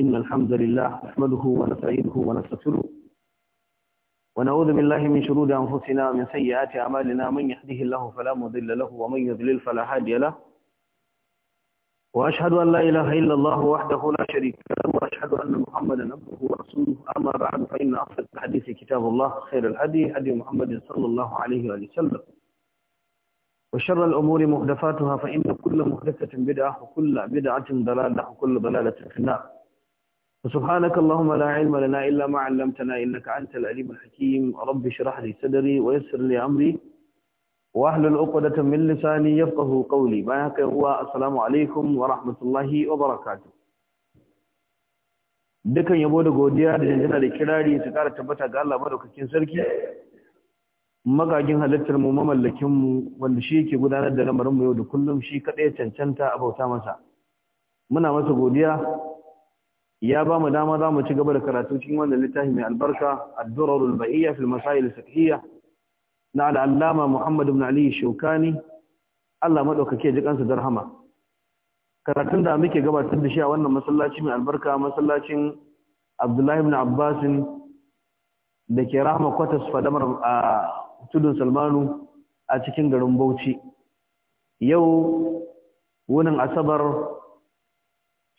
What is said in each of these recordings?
إن الحمد لله نحمده ونستعينه ونستغفره ونعوذ بالله من شرور أنفسنا ومن سيئات أعمالنا من يهده الله فلا مضل له ومن يضلل فلا هادي له وأشهد أن لا إله إلا الله وحده لا شريك له وأشهد أن محمدا عبده ورسوله أما بعد فإن أصدق الحديث كتاب الله خير الهدي هدي محمد صلى الله عليه وآله وسلم وشر الأمور محدثاتها فإن كل محدثة بدعة وكل بدعة ضلالة وكل ضلالة في النار سبحانك اللهم لا علم لنا إلا ما علمتنا إنك أنت العليم الحكيم رب اشرح لي صدري ويسر لي أمري وأهل عقدة من لساني يفقه قولي ما هو السلام عليكم ورحمة الله وبركاته dukan yabo da godiya da jinjina da kirari su kara tabbata ga Allah madaukakin sarki magagin halittar mu mamallakin mu wanda shi yake gudanar da lamarin mu yau da kullum shi kadai cancanta a bauta masa muna masa godiya ya ba mu dama za mu ci gaba da karatu cikin wannan littafi mai albarka ad-durar al masail al na al-allama Muhammad ibn Ali Shawkani Allah madaukake ji kansa da rahama karatun da muke gabatar da shi a wannan masallaci mai albarka masallacin Abdullahi ibn Abbas da ke rahama kwatas fadamar a tudun Salmanu a cikin garin Bauchi yau wunin asabar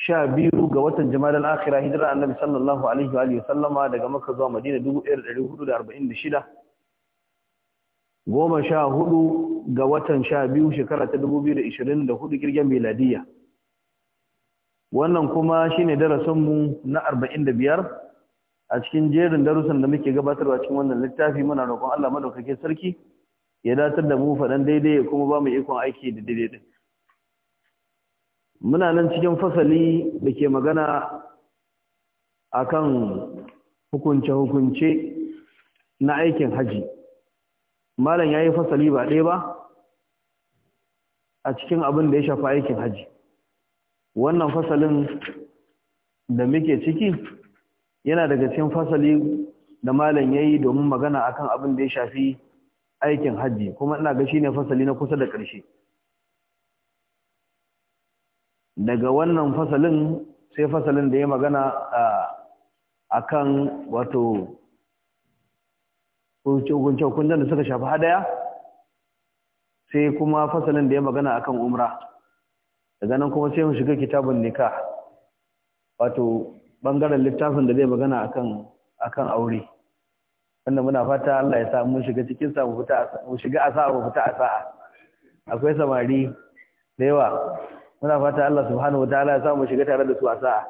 sha biyu ga watan jama'ar akira hijira annabi sallallahu alaihi wa sallama daga maka zuwa madina 1446 goma sha hudu ga watan sha biyu shekara ta 2024 girgen meladiya wannan kuma shine darasinmu na biyar, a cikin jerin darussan da muke gabatarwa cikin wannan littafi muna roƙon Allah madaukakin sarki ya datar da mu faɗan daidai kuma ba mu ikon aiki da daidai muna nan cikin fasali da ke magana a kan hukunce-hukunce na aikin haji malam ya yi fasali ba ɗaya ba a cikin abin da ya shafi aikin haji wannan fasalin da muke ciki yana daga cikin fasali da malam ya yi domin magana a kan abin da ya shafi aikin haji kuma ina ga shi ne fasali na kusa da ƙarshe daga wannan fasalin sai fasalin da ya magana a kan wato hukuncin da suka shafi hadaya sai kuma fasalin da ya magana akan umra daga nan kuma sai mu shiga kitabun nika wato bangaren littafin da zai magana akan akan aure wanda muna fata Allah ya sa mun shiga cikin sa mu fita mu shiga asa mu fita akwai samari da yawa muna fata Allah subhanahu wataala ya sa mu shiga tare da su a sa'a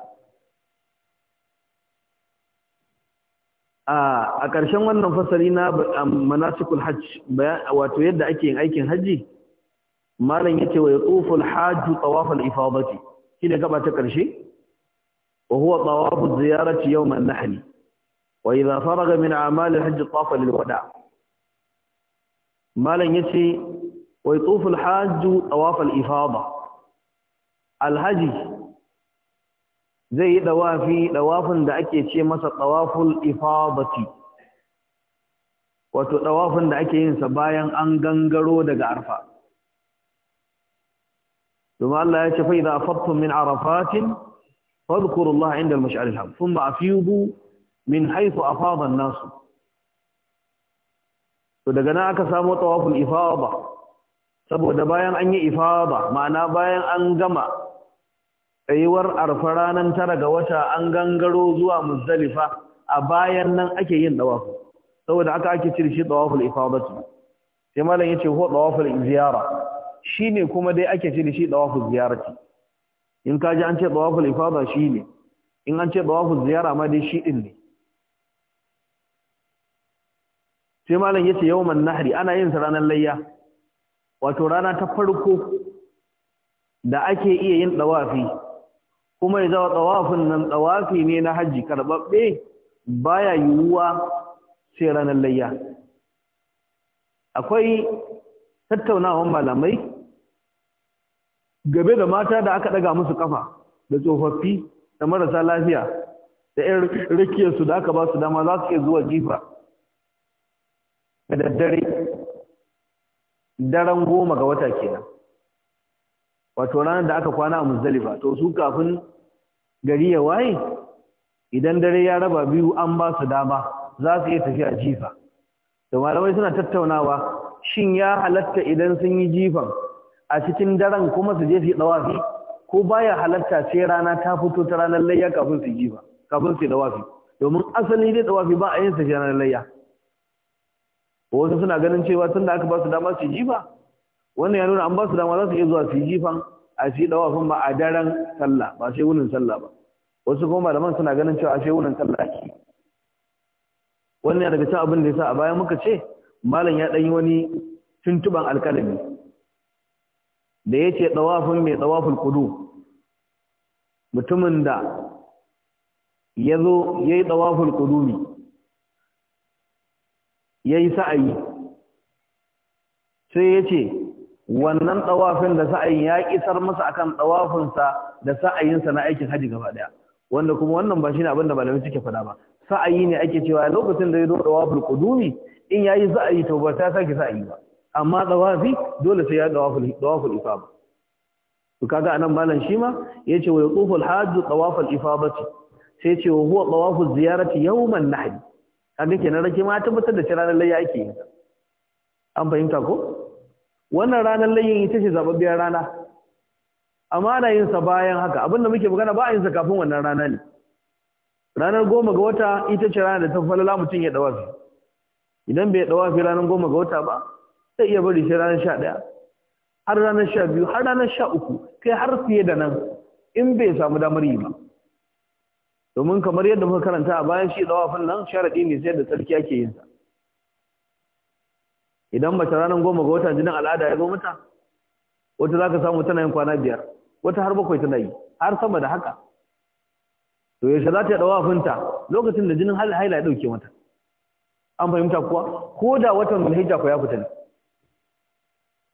a ƙarshen wannan fasali na manasikul hajj wato yadda ake yin aikin hajji malam yace wa yatufu al-hajj tawaf al-ifadati shine gaba ta ƙarshe wa huwa tawaf ziyarati yawm an-nahl wa idha faraga min a'mal al-hajj tawafa lil-wada malam yace wa yatufu al-hajj tawaf al-ifadati alhaji zai yi dawafi dawafin da ake ce masa dawaful ifadati wato dawafin da ake yin sa bayan an gangaro daga arfa domin Allah ya ce fa idza afattum min arafatin fadhkurullaha inda al-mash'ar al-haram thumma afidu min haythu afada an-nas to daga nan aka samu tawaful ifaba saboda bayan an yi ifaba ma'ana bayan an gama tsayuwar arfa ranar tara ga wata an gangaro zuwa muzdalifa a bayan nan ake yin dawafu saboda aka ake cire shi dawaful ifadatu sai malam yace ho dawaful ziyara shine kuma dai ake cire shi dawaful ziyarati in ka ji an ce dawaful ifada shine in an ce dawaful ziyara ma dai shi din ne sai malam yace yawman nahri ana yin sa ranar layya wato rana ta farko da ake iya yin dawafi kuma ya zawa tsawafin nan tsawafi ne na hajji karɓaɓɓe baya yiwuwa sai ranar layya akwai tattaunawan malamai gabe da mata da aka ɗaga musu kafa da tsofaffi da marasa lafiya da 'yan rikiyarsu da aka ba su dama za su iya zuwa jifa da daddare daren goma ga wata kenan wato ranar da aka kwana a muzdalifa to su kafin gari ya waye idan dare ya raba biyu an ba su dama za su iya tafiya jifa da malamai suna tattaunawa shin ya halatta idan sun yi jifan a cikin daren kuma su je su dawafi ko baya halatta sai rana ta fito ta ranar layya kafin su jifa kafin su dawafi domin asali dai dawafi ba a yin sa ranar layya wasu suna ganin cewa tun da aka ba su dama su jifa wannan ya nuna an ba su dama za su iya zuwa su yi jifan a su yi dawafin ba a daren sallah ba sai wunin sallah ba wasu kuma malaman suna ganin cewa a sai wunin sallah ake wannan ya daga cikin abin da ya sa a bayan muka ce malam ya ɗan yi wani tuntuban alkalami da ya ce dawafin mai dawafin kudu mutumin da ya zo ya yi dawafin kudumi ya yi sa'ayi sai ya ce wannan tawafin da sa'ayin ya kisar masa akan tawafinsa da sa'ayinsa na aikin haji gaba daya wanda kuma wannan ba shine abin da malamai suke faɗa ba sa'ayi ne ake cewa lokacin da ya zo tawaful qudumi in yayi sa'ayi to ba ta sake sa'ayi ba amma tawafi dole sai ya tawaful tawaful ifaba to kaga anan malam shi ma yace wa yatuful hajj tawaful ifabati sai ce wa huwa tawaful ziyarati yawman nahl kaga kenan rake ma tabbatar da ranar layya yake yin an fahimta ko wannan ranar layin ita ce zababbiyar rana amma ana yin sa bayan haka abinda muke magana ba a yin sa kafin wannan rana ne ranar goma ga wata ita ce rana da ta falala mutum ya dawa fi. idan bai dawa fi ranar goma ga wata ba sai iya bari sai ranar sha ɗaya har ranar sha biyu har ranar sha uku kai har fiye da nan in bai samu damar yi ba domin kamar yadda muka karanta a bayan shi dawafin nan sharaɗi ne sai da tsarki ake yin sa idan mace ranar goma ga wata jinin al'ada ya zo mata wata za ka samu tana yin kwana biyar wata har bakwai tana yi har sama da haka to yaushe za ta ɗawa funta lokacin da jinin haila ya ɗauke mata an fahimta kuwa ko da watan bilhijja ko ya fita ne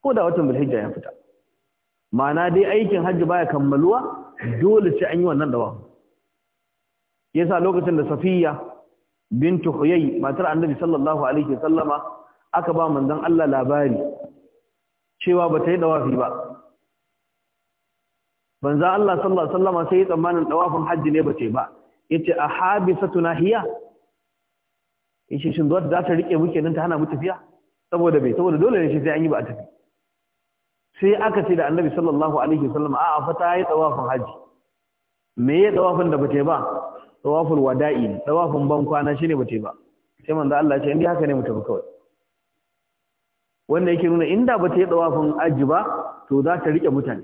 ko da watan bilhijja ya fita ma'ana dai aikin hajji baya kammaluwa dole sai an yi wannan dawa yasa lokacin da safiya bintu huyay matar annabi sallallahu alaihi wasallama aka ba manzon Allah labari cewa ba ta yi dawafi ba banza Allah sallallahu alaihi wasallam sai ya tsammanin dawafin hajji ne ba ce ba yace a habisatuna hiya yace shin zuwa za ta rike muke nan ta hana mu tafiya saboda bai saboda dole ne shi sai an yi ba a tafi sai aka ce da annabi sallallahu alaihi wasallam a a fata yi tsawafin haji me ya tsawafin da ba bace ba tawaful wada'i tawafin shi ne ba bace ba sai manzo Allah ya ce indai haka ne mu tafi kawai wanda yake nuna inda ba ta yi tsawafin aji ba to za ta riƙe mutane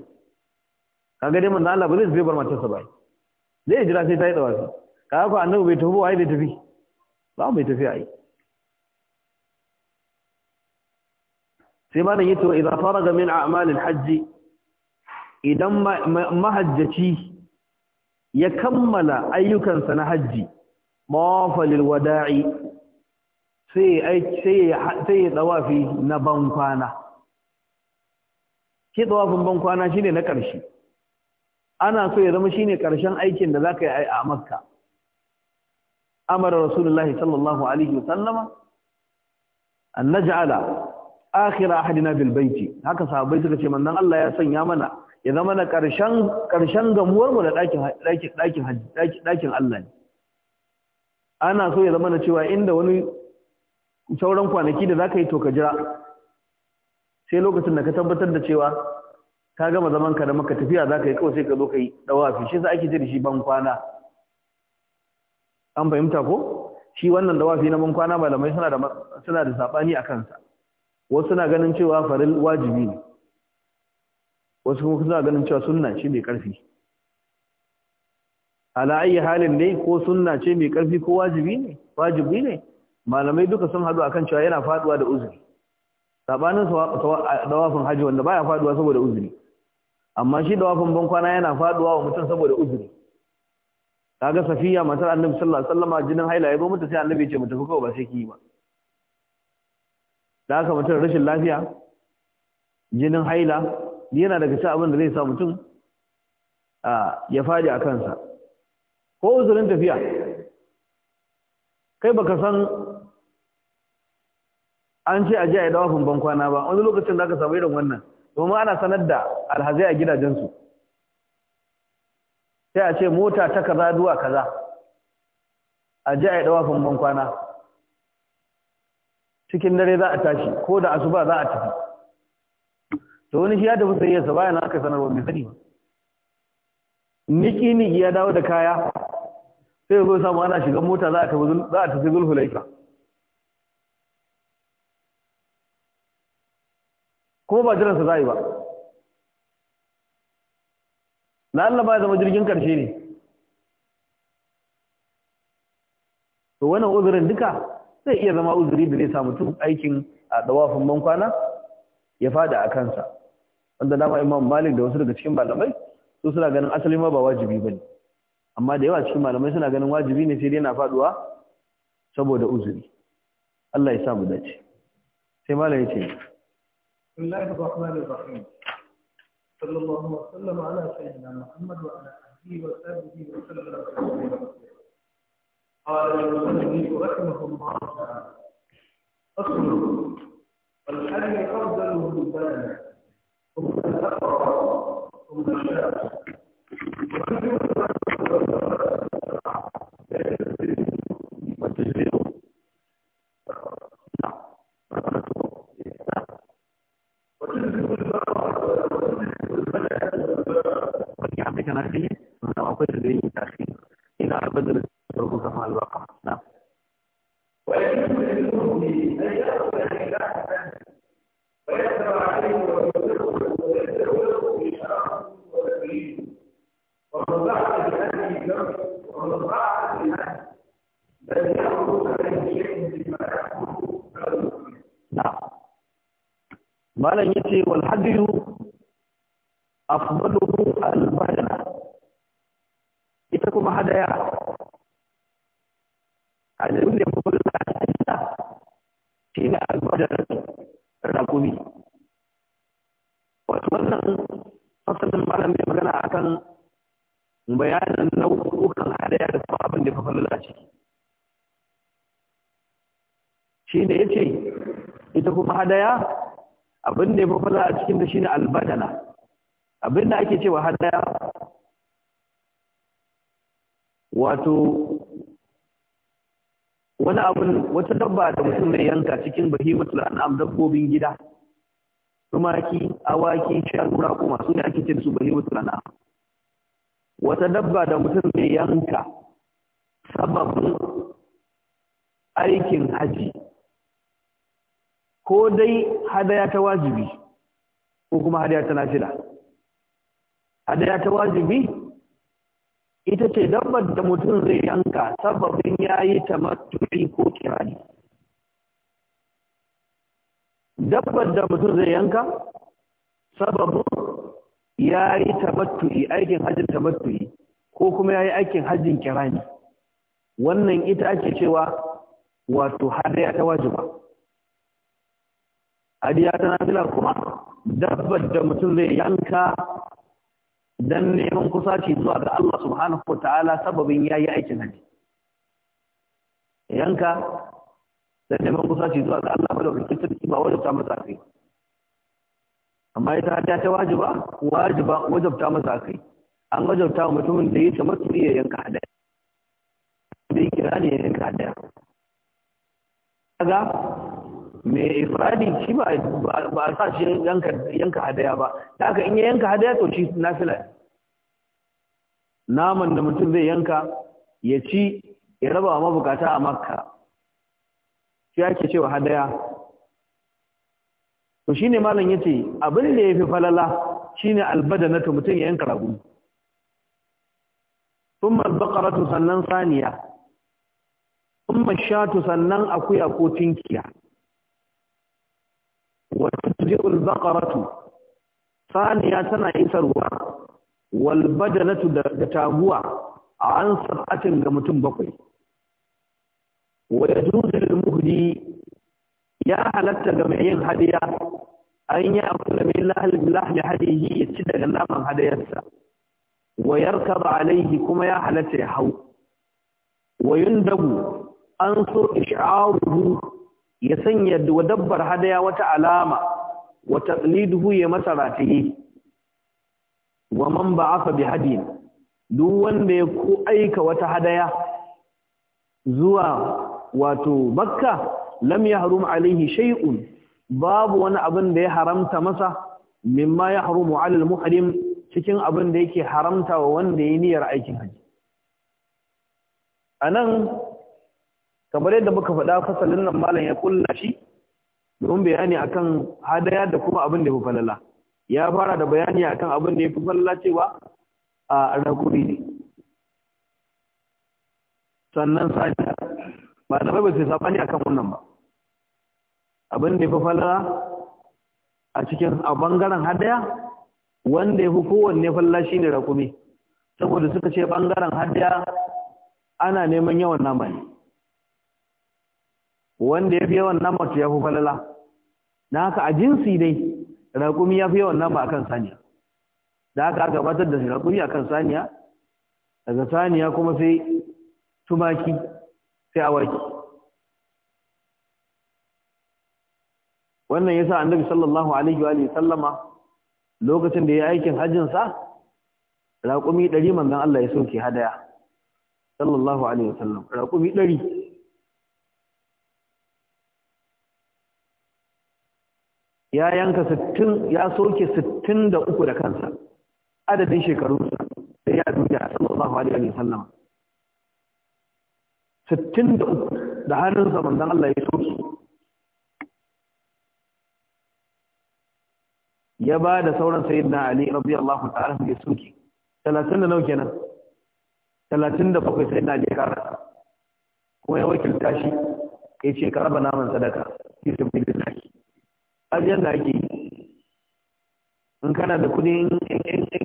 kaga dai manzo Allah ba zai bar matarsa ba zai jira sai ta yi tsawafi kaga ko annabi bai tafi ba ai bai tafi ba bai tafi ai sai ma da yito idan faraga min al hajji idan mahajjaci ya kammala ayyukansa na hajji mawafalil wada'i sai ya tsawafi na bankwana Ke tsawafin bankwana shine na ƙarshe ana so ya zama shine ƙarshen aikin da za ka yi a makka amara rasulullahi sallallahu alaihi wasallama an ja'ala, akira ahadina bil haka sahabbai suka ce manzon Allah ya sanya mana ya zama na ƙarshen gamuwarmu gamuwar mu da ɗakin Allah ne ana so ya zama na cewa inda wani sauran kwanaki da za ka yi to ka jira sai lokacin da ka tabbatar da cewa ka gama zaman ka da maka tafiya za ka yi kawai sai ka zo ka yi dawafi shi za ake ce da shi ban kwana an fahimta ko shi wannan dawafi na ban kwana malamai suna da suna da sabani a kansa wasu suna ganin cewa faril wajibi ne wasu kuma suna ganin cewa sunna ce mai karfi ala ayi halin ne ko sunna ce mai karfi ko wajibi ne wajibi ne malamai duka sun hadu akan cewa yana faduwa da uzuri sabanin dawafin haji wanda baya faduwa saboda uzuri amma shi dawafin bankwana yana faduwa wa mutum saboda uzuri kaga safiya matar annabi sallallahu alaihi wasallam jinin haila ya mutum sai annabi ya ce mu tafi ba sai ki ba da haka mutum rashin lafiya jinin haila yana daga cikin abin da zai sa mutum ya faɗi a kansa ko uzurin tafiya kai baka san an ce a ji a yi dawafin bankwana kwana ba wani lokacin da aka samu irin wannan domin ana sanar da alhazai a gidajensu sai a ce mota ta kaza zuwa kaza a ji a yi dawafin ban kwana cikin dare za a tashi ko da asuba za a tafi to wani shi ya tafi yasa bayan aka wa mai sani ba niki niki ya dawo da kaya sai ya zo samu ana shiga mota za a tafi zulhulaika ko ba jiran za a yi ba Allah ba ya zama jirgin ƙarshe ne to wannan uzurin duka zai iya zama uzuri da zai sa mutum aikin a dawafin bankwana ya fada a kansa wanda dama imam malik da wasu daga cikin malamai su suna ganin asali ma ba wajibi bane amma da yawa cikin malamai suna ganin wajibi ne sai dai na faduwa saboda uzuri Allah ya sa mu dace sai malam ce بسم الله الرحمن الرحيم صلى الله وسلم على سيدنا محمد وعلى اله وصحبه وسلم قال المؤلف رحمه الله تعالى اصل الحل افضل من بلد ثم الاقرب ثم الشاب Pergi apa yang artinya? Apa yang terjadi إلى أبدا الركوع مع الواقع نعم ولكن يجب أن يأخذ الإله ويتبع عليه ويتولى بشرع وتكليم ومن ضعف بهذه الجرح ومن ضعف بهذه بل يأخذ malam yace wal hadiyu afdaluhu al badana ita kuma hadaya da kuma lafiya wannan fasalin malam ya magana akan bayanin nau'ukan hadaya da kuma abin da ya ciki shine yace ita kuma hadaya abin da ya fi a cikin da shine albadala abin da ake cewa hadaya wato wani abin wata dabba da mutum mai yanka cikin bahimatul an'am dabbobin gida tumaki awaki shagura kuma masu ne ake ce su bahimatul an'am wata dabba da mutum mai yanka sababin aikin haji ko dai hadaya ta wajibi ko kuma hadaya ta nafila hadaya ta wajibi ita ce dabbar da mutum zai yanka sababin yayi matuɗi ko kirani dabbar da mutum zai yanka sababin yayi matuɗi, aikin hajjin matuɗi, ko kuma yayi aikin hajjin kirani wannan ita ake cewa wato hadaya ta wajiba hadiya ta nafila kuma dabbar da mutum zai yanka dan neman kusaci zuwa ga Allah subhanahu wa ta'ala sababin yayi aikin haji yanka don neman kusaci zuwa ga Allah madaukakin sarki ba wajabta masa kai amma ita hadiya ta wajiba wajiba wajabta masa kai an wajabta mutumin da yake masu iya yanka hadaya Yanka kira ne yanka hadaya kaga mai ifradi shi ba a sa shi yanka hadaya ba da aka in yanka hadaya to shi nafila naman da mutum zai yanka ya ci ya raba wa mabukata a makka shi ake cewa hadaya to ne malam yace abin da ya fi falala shine na mutum ya yanka ragu thumma albaqaratu sannan saniya thumma mashatu sannan akuya ko tinkiya turji'ul baqaratu saniya tana isarwa wal da taguwa an sab'atin ga mutum bakwai wa yajuzu lil muhdi ya halatta ga mai yin hadiya an yi akula min lahli hadihi ya ci daga naman hadayarsa wa ba alaihi kuma ya halatta ya hau wa yundabu an so ish'aruhu ya sanya wa dabbar hadaya wata alama wa taqliduhu ya masa ratihi wa man ba'atha bi hadin duk wanda ya ko aika wata hadaya zuwa wato bakka lam yahrum alaihi shay'un babu wani abin da ya haramta masa mimma yahrumu ala al cikin abin da yake haramta wa wanda ya niyyar aikin haji anan kamar yadda muka faɗa fasalin nan malam ya kulla shi don bayani akan hadaya da kuma abin da ya fi falala ya fara da bayani akan abin da ya fi falala cewa a rakuri ne sannan Sani ba da rabe sai sabani akan wannan ba abin da ya fi falala a cikin a bangaren hadaya wanda ya fi kowanne falala ne rakumi saboda suka ce bangaren hadaya ana neman yawan nama ne wanda ya fi yawan nama ya fi falala na haka a jinsi dai raƙumi ya fi yawan a kan saniya da haka aka batar da raƙumi akan saniya daga saniya kuma sai tumaki sai awaki wannan yasa annabi sallallahu alaihi wa sallama lokacin da ya aikin hajjinsa, sa raƙumi 100 manzon Allah ya soke hadaya sallallahu alaihi wa sallam raƙumi ɗari. ya yanka sittin ya soke sittin da uku da kansa adadin shekarunsa da ya duniya sallallahu alaihi wa sallam sittin da uku da zaman don Allah ya soke ya ba da sauran na Ali radiyallahu ta'ala ya soke talatin da nauke kenan talatin da bakwai sayyidina Ali ya kara kuma ya wakilta shi ya ce ka raba naman sadaka fi sabilillah ajiyar da ake in kana da kudi in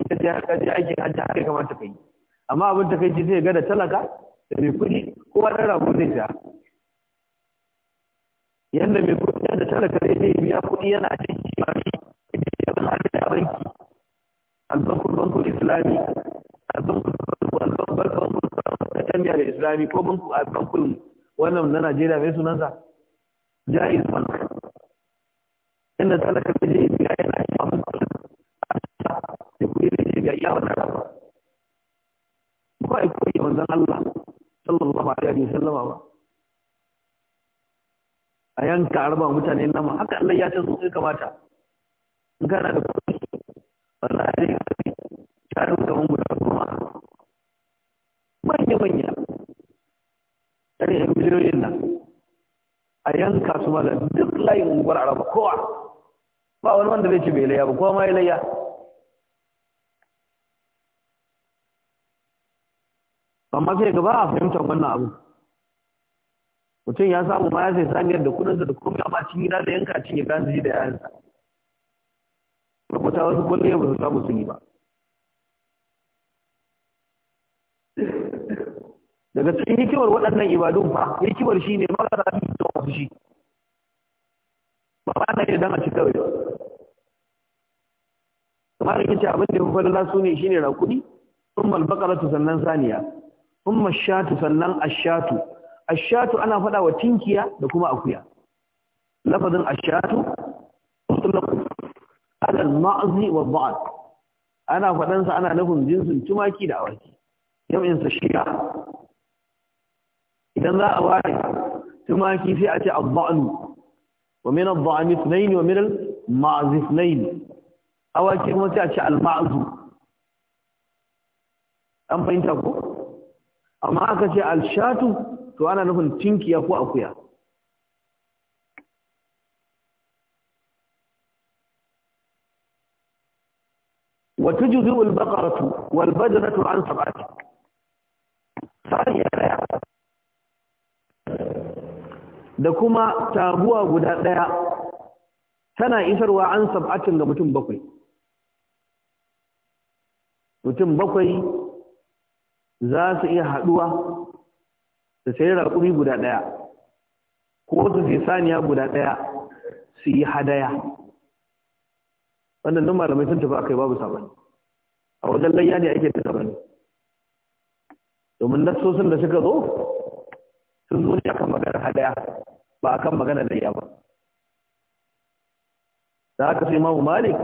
kaji ake hajji haka kamata ka yi amma abin ta kai sai ga talaka da mai kudi kowa ɗan rabu zai sha yadda mai kudi yadda talaka zai zai biya kudi yana cin kima ne yadda na da banki albankun bankun islami albankun bankun bankun tambiyar islami ko bankun wannan na najeriya mai sunansa jaiz bank ta da yi yana فإن ذلك من جهة لا ينعي يقول لي جهة يا رب ba ya koyi wanzan Allah sallallahu alaihi wa sallam ba a yanka arba mutane nama haka Allah ya ce sun kamata in kana da kuɗi wallahi ta tarin kamar guda kuma manya manya tare da miliyoyin nan a yanka su mala duk layin unguwar araba kowa ba wani wanda zai ce bai layya ba kuma ma ya layya amma sai ga ba a fahimtar wannan abu mutum ya samu ma ya sai saniyar da kudinsa da komai amma cikin gida da yanka cikin gida su ji da yayansa rubuta wasu kulle ba su samu sun yi ba daga cikin hikimar waɗannan ibadun ba hikimar shi ne mara rafi da wasu shi ba ba na yi dan a ci kawai ba kamar da kace abin da fa Allah sune shine rakuni sun malbakar su sannan saniya sun mashatu shatu sannan ashatu shatu shatu ana fada wa tinkiya da kuma akuya lafazin ashatu shatu mutlaq ala al wa ba'ad ana faɗansa ana nufin jinsin tumaki da awaki yamin sa shiya idan za a ware tumaki sai a ce al-ba'nu ومن الضعن اثنين ومن المعز اثنين awaki kuma sai a ce al-ma'zu an fahimta ko amma aka ce al-shatu to ana nufin tinkiya ko akuya wa ya da kuma tabuwa guda ɗaya tana isarwa an sab'atin ga mutum bakwai mutum bakwai za su iya haɗuwa su sayi raƙumi guda ɗaya ko su sai saniya guda ɗaya su yi hadaya wannan nan malamai sun tafi akai babu sabani a wajen layya ne ake da sabani domin nasosin da suka zo sun zo ne akan magana hadaya ba akan magana da ya ba da aka sai imamu malik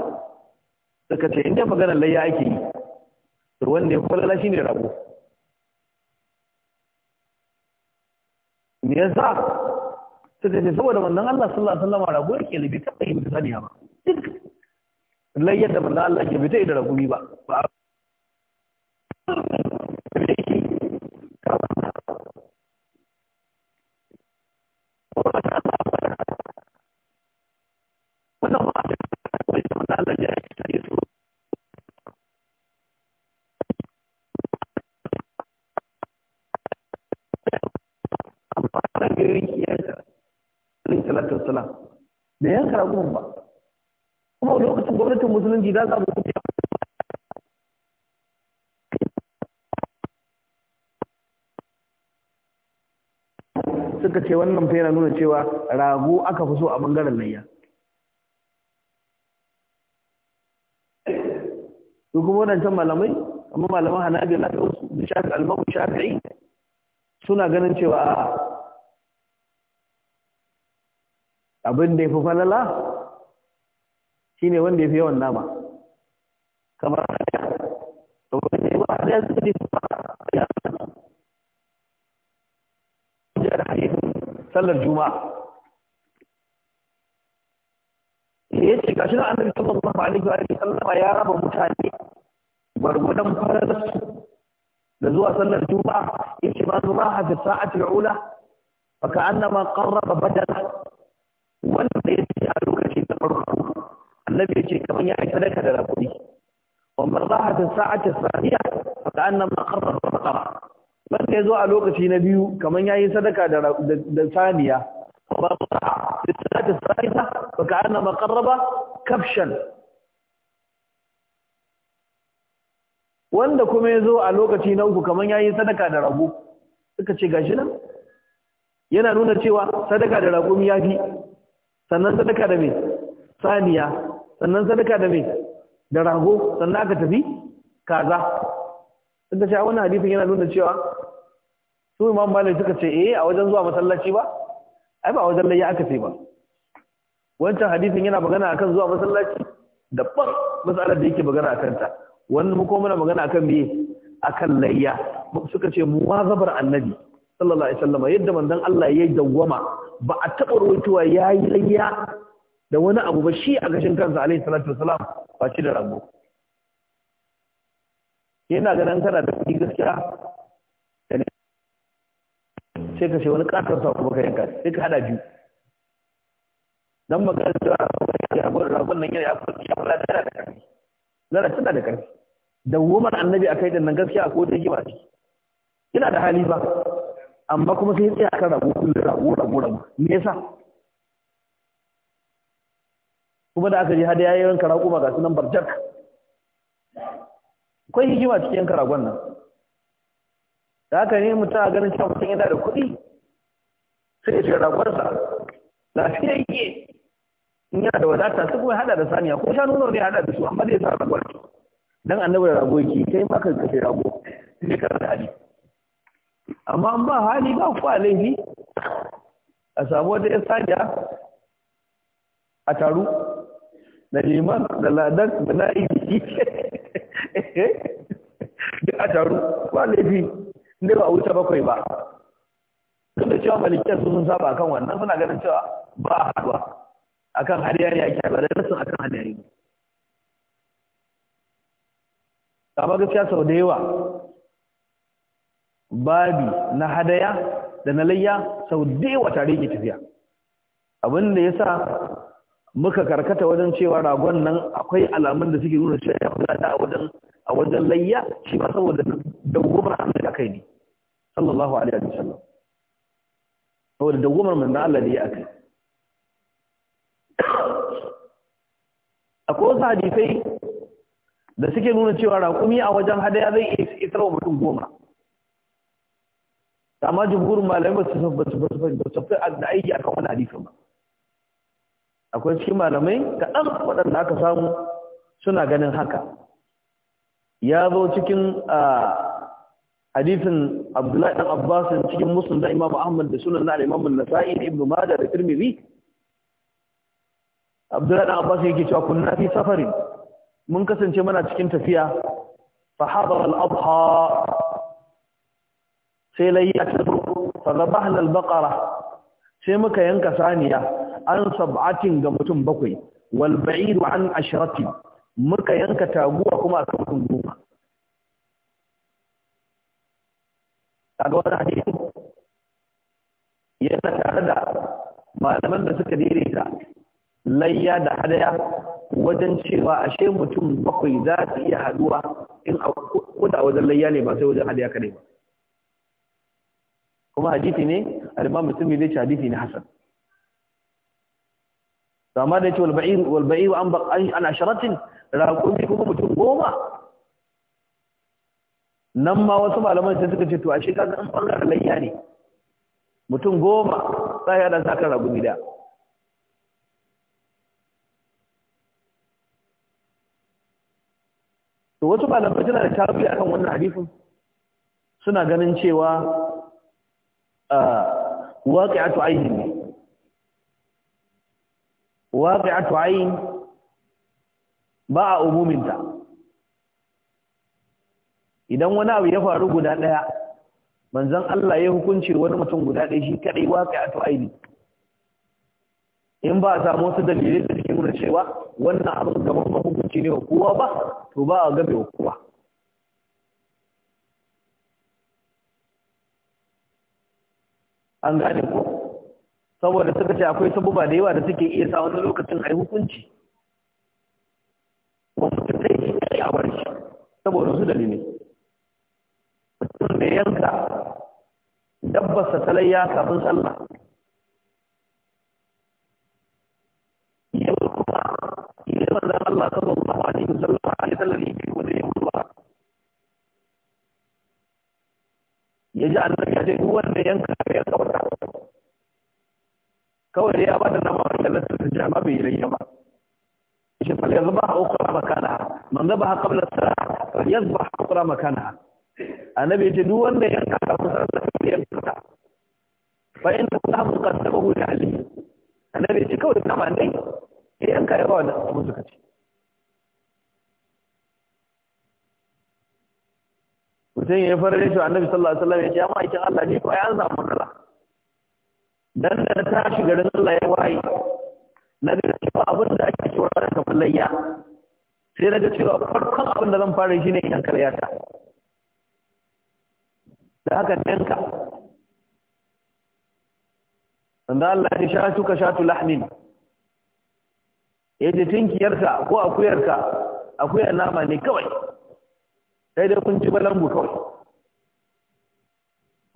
suka ce inda magana layya ake yi to wanda ya shi ne rago me yasa suka ce saboda wannan Allah sallallahu alaihi wasallam rabo yake libi ta fahimta saniya ba duk layyar da manzon Allah ke bi ta da rago ba ba wasallam da yanka ragumin ba kuma lokacin gwamnatin musulunci za su abu suka ce wannan fera nuna cewa rago aka fi so a bangaren layya su kuma wadancan malamai amma malaman hanabi na da wasu shafi almahu shafi'i suna ganin cewa abin da ya fi falala shi ne wanda ya fi yawan nama kamar a sallar juma'a ya ce gashi na annabi sallallahu alaihi wa sallama ya raba mutane gwargwadon fararsu da zuwa sallar juma'a yace ma zuwa hada sa'atul ula fa ka'annama qarraba badala wannan da ya ce a lokacin da farko annabi ya ce kamar ya yi sadaka da rakuri wamma rahatin sa'ata saniya fa annam ma qarraba man wanda ya zo a lokaci na biyu kamar ya yi sadaka da da saniya fa sa'ata saniya fa annam ma qarraba kafshan wanda kuma ya zo a lokaci na uku kamar ya yi sadaka da rago suka ce gashi nan yana nuna cewa sadaka da rago ya fi sannan sadaka da me saniya sannan sadaka da me da rago sannan aka tafi kaza sun ta sha wani hadisin yana nuna cewa su imam malik suka ce eh a wajen zuwa masallaci ba ai ba a wajen layya aka ce ba wancan hadisin yana magana akan zuwa masallaci ban matsalar da yake magana akan ta wannan mu kuma muna magana akan me akan layya suka ce muwazabar annabi sallallahu alaihi wasallam yadda manzon Allah ya yi dawwama ba a taɓa ruwaitowa ya yi layya da wani abu ba shi a gashin kansa alaihi salatu wasalam ba shi da rago yana ganin kana da kuɗi gaskiya da ne sai ka sai wani ƙasar sa kuma ka yanka sai ka hada biyu dan magana da ragon ragon nan yana ya fi ya da da ƙarfi zara tana da ƙarfi da woman annabi a kai da nan gaskiya a ta ba shi ina da hali ba amma kuma sai tsaya kan rago kullum rago rago rago me yasa kuma da aka ji hada yayi ran rago ba ga sunan barjak akwai hikima cikin karagon nan da aka ne mutum a ganin cewa mutum yana da kuɗi sai ya shiga ragonsa lafiya yake in yana da wadata su kuma hada da saniya ko shanu nawa ne hada da su amma zai sa ragon dan annabi da rago yake kai ma ka kashe rago sai ka da hadi amma an ba hali ba ku a laifi a samu wata ya sajiya a taru na liman da ladar da na'ibi duk a taru ba laifi inda ba wuce bakwai ba duk da cewa malikiyar sun saba kan wannan suna ganin cewa ba a A kan hariya ne ake haɗa da a akan hariya ne amma gaskiya sau da yawa babi na hadaya da na layya sau yawa tare ke tafiya da ya sa muka karkata wajen cewa ragon nan akwai alamun da suke nuna cewa ya fulata a wajen a wajen layya shi ba saboda dawwamar Allah da kai ne sallallahu alaihi wa sallam saboda dawwamar manzon Allah da ya akai akwai wasu hadisai da suke nuna cewa raƙumi a wajen hadaya zai isar wa mutum goma amma jumhurin malamai ba su ba su ba su ba su da aiki akan wani hadisin ba akwai cikin malamai kaɗan waɗanda aka samu suna ganin haka ya zo cikin hadisan abdullahi ɗan abbas cikin musulun da imamu ahmad da sunan na da imamu nasa'i da ibnu mada da tirmidhi abdullahi ɗan abbas yake cewa kunna fi safarin mun kasance muna cikin tafiya fa hadara al-adha sai lai a zo fa zabahna sai muka yanka saniya an sab'atin ga mutum bakwai wal ba'idu an ashrati muka yanka taguwa kuma a mutum goma yana tare da malaman da suka daidaita layya da hadaya wajen cewa ashe mutum bakwai za su iya haduwa in a kuda wajen layya ne ba sai wajen hadaya kadai ba kuma hadisi ne al-imam musulmi ne hadisi ne hasan amma da ce wal ba'ir wal ba'ir an ba an asharatin raqumi kuma mutum goma nan ma wasu malaman sai suka ce to ashe kaga an fara layya ne mutum goma sai ya da saka raqumi da to wasu malamai suna da tarbiyya akan wannan hadisin suna ganin cewa waqi'atu ayn waqi'atu ayn ba a umuminta idan wani abu ya faru guda daya manzon Allah ya hukunci wani mutum guda daya shi kadai waqi'atu ayn in ba a samu wasu dalilai da suke nuna cewa wannan abin gaban mahukunci ne wa kowa ba to ba a gabe wa kowa an gane ku. saboda suka ce akwai sabuba da yawa da suke iya sa wani lokacin a yi hukunci wasu ta yi a yawar shi saboda su dalilai mutum da yanka dabbar sa talayya kafin sallah yau kuma yi manzan Allah sallallahu alaihi wasallam a yi sallah ne ya ji annabi ya ce duk wanda yanka ya yanka kawai dai ya bada nama wanda lantar da jama bai rayya ba shi fal yanzu ba ukra makana man zaba qabla sa'a yazbah ukra makana annabi ya ce duk wanda yanka ka kusa da yanka fa in ta muqaddamu li ali annabi ya ce kawai nama dai yanka ya ba wanda musu ce mutum ya fara shi annabi sallallahu alaihi wasallam ya ce amma ikin Allah ne ko ya samu matsala dan da ta shiga garin Allah ya waye na ga cewa abin da ake cewa ran kamar layya sai na ga cewa farkon abin da zan fara shi ne karya ta da haka yanka sanda Allah ya sha tuka tu lahmin yaje tinkiyarka ko akuyarka akuyar nama ne kawai sai dai kun ci balangu kawai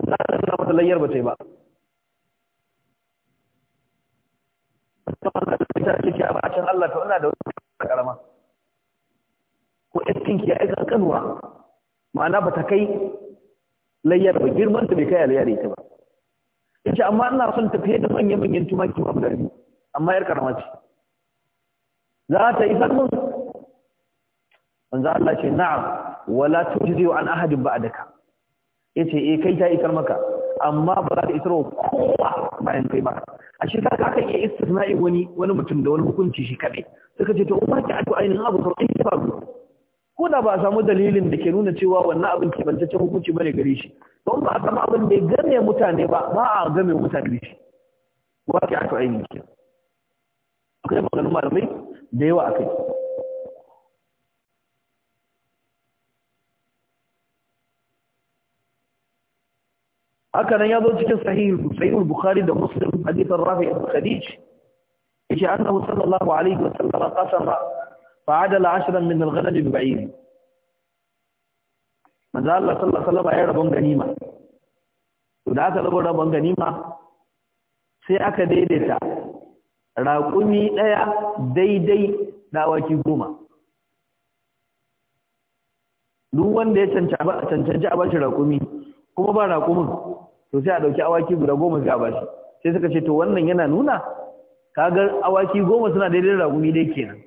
sannan na mata layyar ba ta yi ba ta ce ki a bacin Allah to ina da wani karama ko iskin ki ya aika kanwa ma'ana ba ta kai layyar ba girman ta bai kai layyar ita ba yace amma ina son ta fiye da manyan manyan tumaki ba guda amma yar karama ce za ta yi sannan manzo Allah ce na'am wala tujzi an ahadin ba'daka yace eh kai ta isar maka amma ba za ta isar wa kowa bayan kai ba a shi ka aka iya istisna'i wani wani mutum da wani hukunci shi kaɗai suka ce to umar ki addu'a ainihin abu kar in faru ko da ba a samu dalilin da ke nuna cewa wannan abin kibantaccen hukunci bane gare shi don ba a samu abin da ya game mutane ba ba a game mutane shi wa ki addu'a ainihin akwai maganin malamai da yawa a kai. haka nan ya zo cikin sahihu sahihul bukhari da muslim hadithan rafi ibn khadij yace annahu sallallahu alaihi wa sallam qasama adala 'ashran min al-ghanam bi ba'ir manzo Allah sallallahu alaihi wa sallam ya rabon ganima to da aka rabo rabon ganima sai aka daidaita raƙumi ɗaya daidai da awaki goma duk wanda ya cancanci a bashi raƙumi kuma ba raƙumin to sai a ɗauki awaki guda goma sai a bashi sai suka ce to wannan yana nuna kaga awaki goma suna daidai da ragumi dai kenan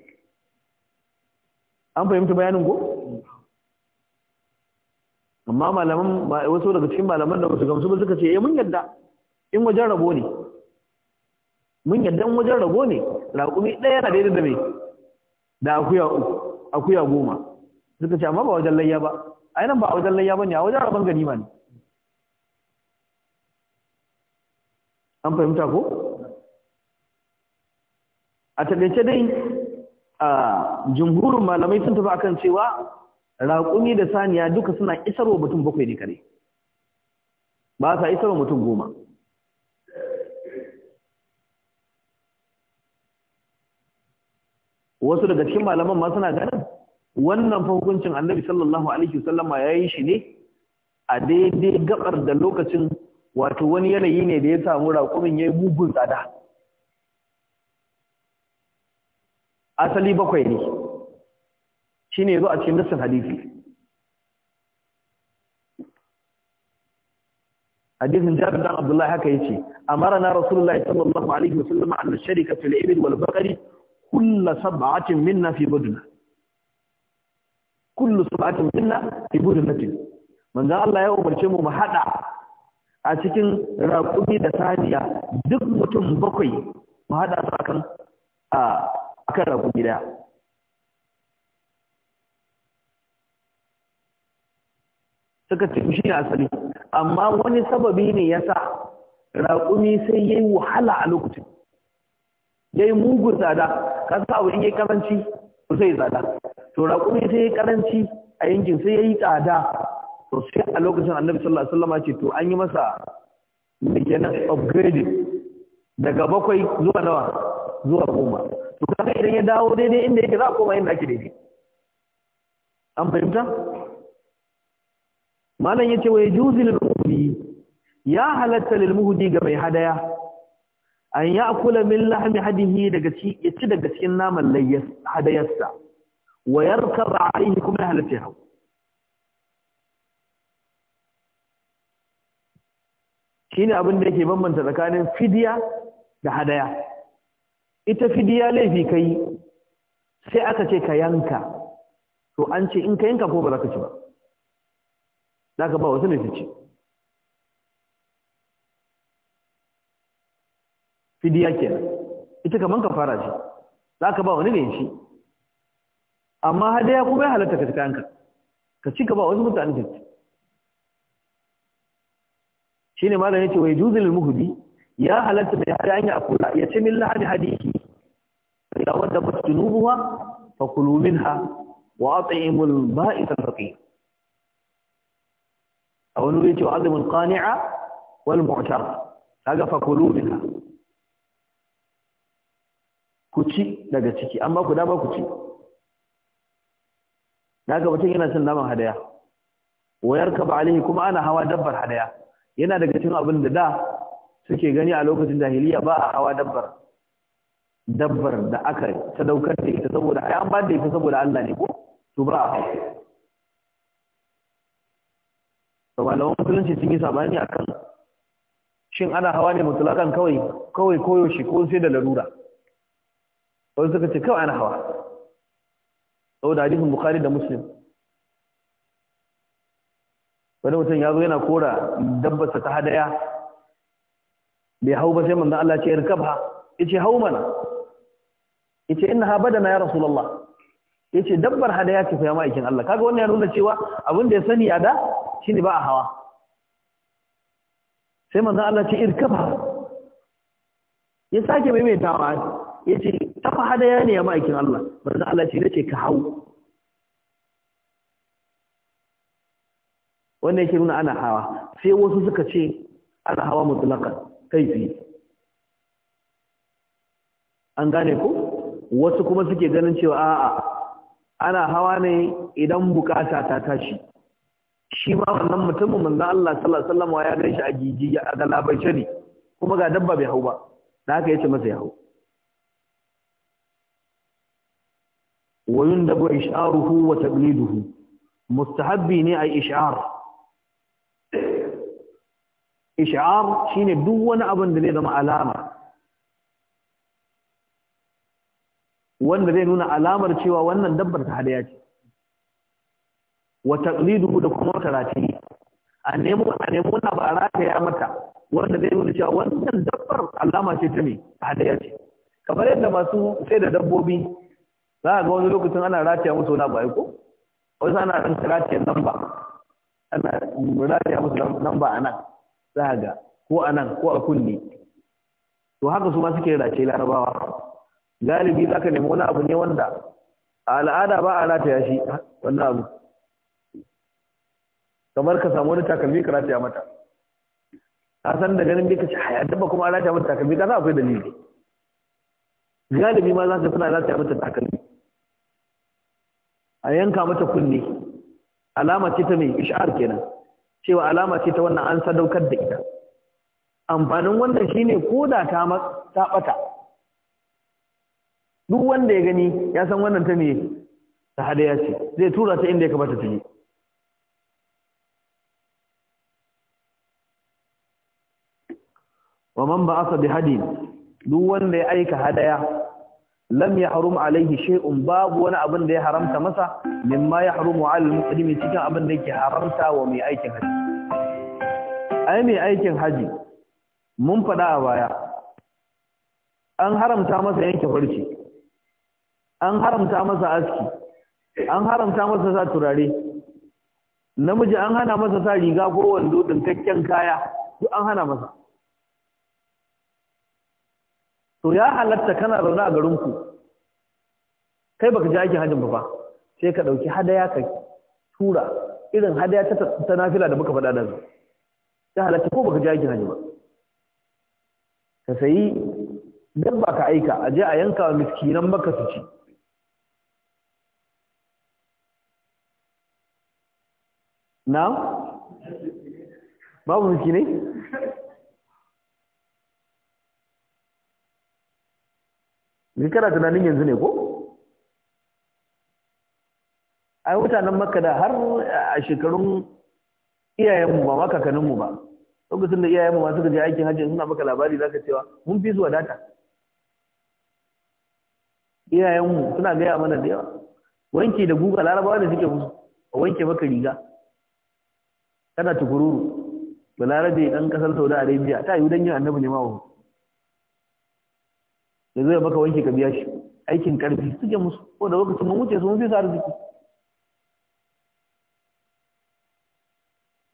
an fahimta bayanin ko amma malaman wasu daga cikin malaman da wasu gamsu ba suka ce eh mun yadda in wajen rabo ne mun yadda in wajen rabo ne raƙumi ɗaya yana daidai da mai da akuya uku akuya goma suka ce amma ba wajen layya ba A yanan ba a wajen layya ba ne a wajen rabon ganima ne an fahimta ko a taƙaice dai a jumhurin malamai sun tafi akan cewa raƙumi da saniya duka suna isarwa mutum bakwai ne kare ba sa isarwa mutum goma wasu daga cikin malaman ma suna ganin wannan fa hukuncin annabi sallallahu alaihi wasallama ya yi shi ne a daidai gabar da lokacin wato wani yanayi ne da ya samu raƙumin ya yi mugun tsada asali bakwai ne shi ne zo a cikin dassin hadisi hadisin jabir dan abdullahi haka ce, yace amarna rasulullahi sallallahu alaihi wasallam an sharika fil ibil wal baqari kullu sab'atin minna fi buduna kullu sab'atin minna fi budunatin manzo Allah ya umarce mu mu hada a cikin raƙumi da saniya duk mutum bakwai mu haɗa su akan a akan raƙumi ɗaya suka ce shi ne asali amma wani sababi ne ya sa raƙumi sai ya yi wahala a lokacin ya yi mugun tsada ka sa abu in yi karanci sai tsada to raƙumi sai ya yi karanci a yankin sai ya yi tsada to sai a lokacin annabi sallallahu alaihi wasallam ce to an yi masa kenan upgrading daga bakwai zuwa nawa zuwa goma to kaga idan ya dawo daidai inda yake za a koma inda ake daidai an fahimta malam yace wa yujuzil muhdi ya halatta lil muhdi ga mai hadaya an ya'kula min lahmi hadihi daga ci ya ci daga cikin naman layyas hadayarsa wa yarkab alayhi kuma halatta shine abin da yake bambanta tsakanin fidiya da hadaya ita fidiya laifi ka yi sai aka ce ka yanka to an ce in ka yanka ko ba za ka ci ba za ka ba wasu ne su ci fidiya kenan ita kaman ka fara ce za ka ba wani ne shi amma hadaya kuma ya halatta ka ci ka yanka ka ci ka ba wasu mutane su shine malamin yace wai juzul muhdi ya halatta mai hada an ya kula ya ce min lahadi hadisi ila wadda batjunubuha fa kulu minha wa at'imul ba'is al-faqir aw nu yace azimul qani'a wal mu'tar kaga fa kulu minha ku ci daga ciki an amma ku dama ku ci daga mutum yana son naman hadaya wayar ka ba alaihi kuma ana hawa dabbar hadaya yana daga cikin abin da da suke gani a lokacin jahiliya ba a hawa dabbar dabbar da aka daukar da ita saboda ai an bada da ita saboda Allah ne ko to ba a hawa to malaman musulunci sun yi sabani akan shin ana hawa ne mutulakan kawai kawai koyo shi ko sai da larura wani suka ce kawai ana hawa saboda hadisin bukhari da muslim wani mutum ya zo yana kora dabbarsa ta hadaya bai hau ba sai manzan Allah ce irkabha yace hau mana yace da badana ya rasulullah yace dabbar hadaya ce fa ya ma'aikin Allah kaga wannan ya nuna cewa abin da ya sani a da shine ba a hawa sai manzan Allah ce ba ya sake maimaitawa yace tafa hadaya ne ya ma'aikin Allah manzan Allah ce nace ka hau wannan yake nuna ana hawa sai wasu suka ce ana hawa mutlaqan kaifi an gane ku? wasu kuma suke ganin cewa a ana hawa ne idan bukata ta tashi shi ma wannan mutumin manzo Allah sallallahu alaihi wasallam ya gaishe a gigi ga ne kuma ga dabba bai hau ba da haka yace masa ya hau wayun da isharuhu wa tabliduhu mustahabbi ne ai ishar ish'ar shine duk wani abin da zai zama alama wanda zai nuna alamar cewa wannan dabbar ta hadaya ce wa taqliduhu da kuma tarati a nemo a nemo na ba a ya mata wanda zai nuna cewa wannan dabbar alama ce ta me hadaya ce kamar yadda masu sai da dabbobi za ga wani lokacin ana rataya musu wani abu ko wasu ana rataya lamba ana rataya musu lamba a nan za ko a nan ko a kunne to haka su ma suke race larabawa galibi za ka nemi wani abu ne wanda a al'ada ba a rataya shi wannan abu kamar ka samu wani takalmi ka rataya mata a san da ganin bika ka ci haya dabba kuma a rataya mata takalmi ka za akwai dalili galibi ma za ka suna rataya mata takalmi a yanka mata kunne alama ce ta mai ishar kenan cewa alama ce ta wannan an sadaukar da ita amfanin wannan shine ko da ta ɓata. duk wanda ya gani ya san wannan ta ne ta hadaya ce zai tura ta inda ya kamata ta je wa man ba'asa bi hadin duk wanda ya aika hadaya lam ya harum alaihi shay'un babu wani abin da ya haramta masa mimma harumu ala al-muslimi cikin abin da yake haramta wa mai aikin haji ai mai aikin haji mun faɗa a baya an haramta masa yanke farce an haramta masa aski an haramta masa sa turare namiji an hana masa sa riga ko wando dinkakken kaya duk an hana masa to ya halatta kana zaune a garinku kai baka ji aikin hajjin ba sai ka ɗauki hadaya ka tura irin hadaya ta nafila da muka faɗa da su ya halatta ko baka ji aikin hajji ba ka sayi dabba ka aika a je a yanka wa miskinan maka su ci na babu miskinai ni kana tunanin yanzu ne ko ai mutanen makka da har a shekarun iyayenmu ba makakaninmu ba lokacin da iyayenmu masu suka je aikin hajji suna maka labari ka cewa mun fi zuwa data. iyayenmu suna gaya mana da yawa wanke da guga larabawa da suke musu a wanke maka riga kana tukururu balarabe ɗan ƙasar saudi arabia ta yi wudan yin annabi ne ma wa da zai maka wanke ka biya shi aikin karfi suke musu ko da lokacin mun wuce su mun fi sa arziki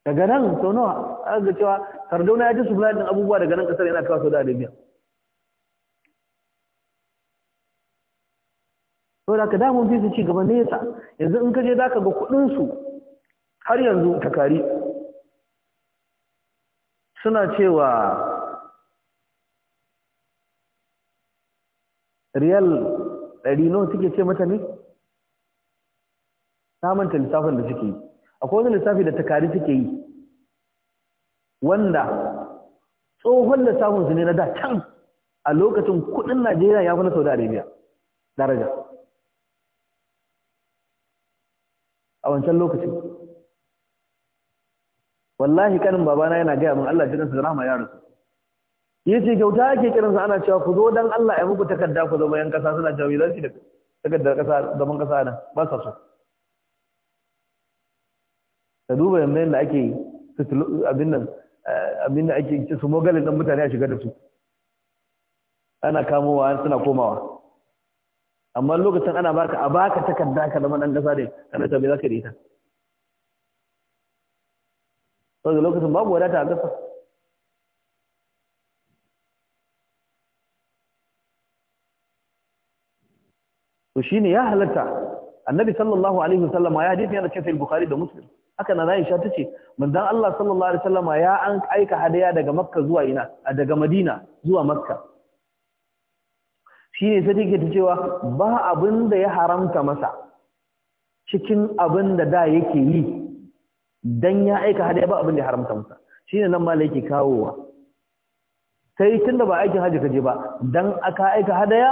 daga nan sau nawa a ga cewa sardauna ya ji su fulani abubuwa daga nan kasar yana kawo da arabiya sau da ka damun fi su ci gaba nesa yanzu in ka je za ka ga su har yanzu takari suna cewa Real ɗari nawa suke ce mata ne manta lissafin da suke yi akwai wani lissafi da takari suke yi wanda tsohon lissafin su ne na da can a lokacin kudin najeriya ya fi na saudi arabia daraja a wancan lokacin wallahi kanin babana yana gaya min allah jikinsa da rahama ya rasu ce kyauta ake kiransa ana cewa ku zo dan Allah ya muku takarda ku zama yan kasa suna cewa zan shi da takardar kasa zaman kasa nan ba sa so ka duba yamma yadda ake abin nan eh, abin da ake su mogalin dan mutane a shiga da su ana kamowa suna komawa amma lokacin ana baka a baka takarda ka zama dan kasa ne kana za zaka da ita saboda lokacin babu wadata a kasa to shine ya halarta. annabi sallallahu alaihi wasallam ya hadisi yana cikin bukhari da muslim haka na shata ce. manzon Allah sallallahu alaihi wasallam ya an aika hadaya daga Makka zuwa ina daga Madina zuwa Makka shine sai take ta cewa ba abin da ya haramta masa cikin abin da da yake yi dan ya aika hadaya ba abin da ya haramta masa shine nan ma yake kawowa sai tunda ba aikin haji kaje ba dan aka aika hadaya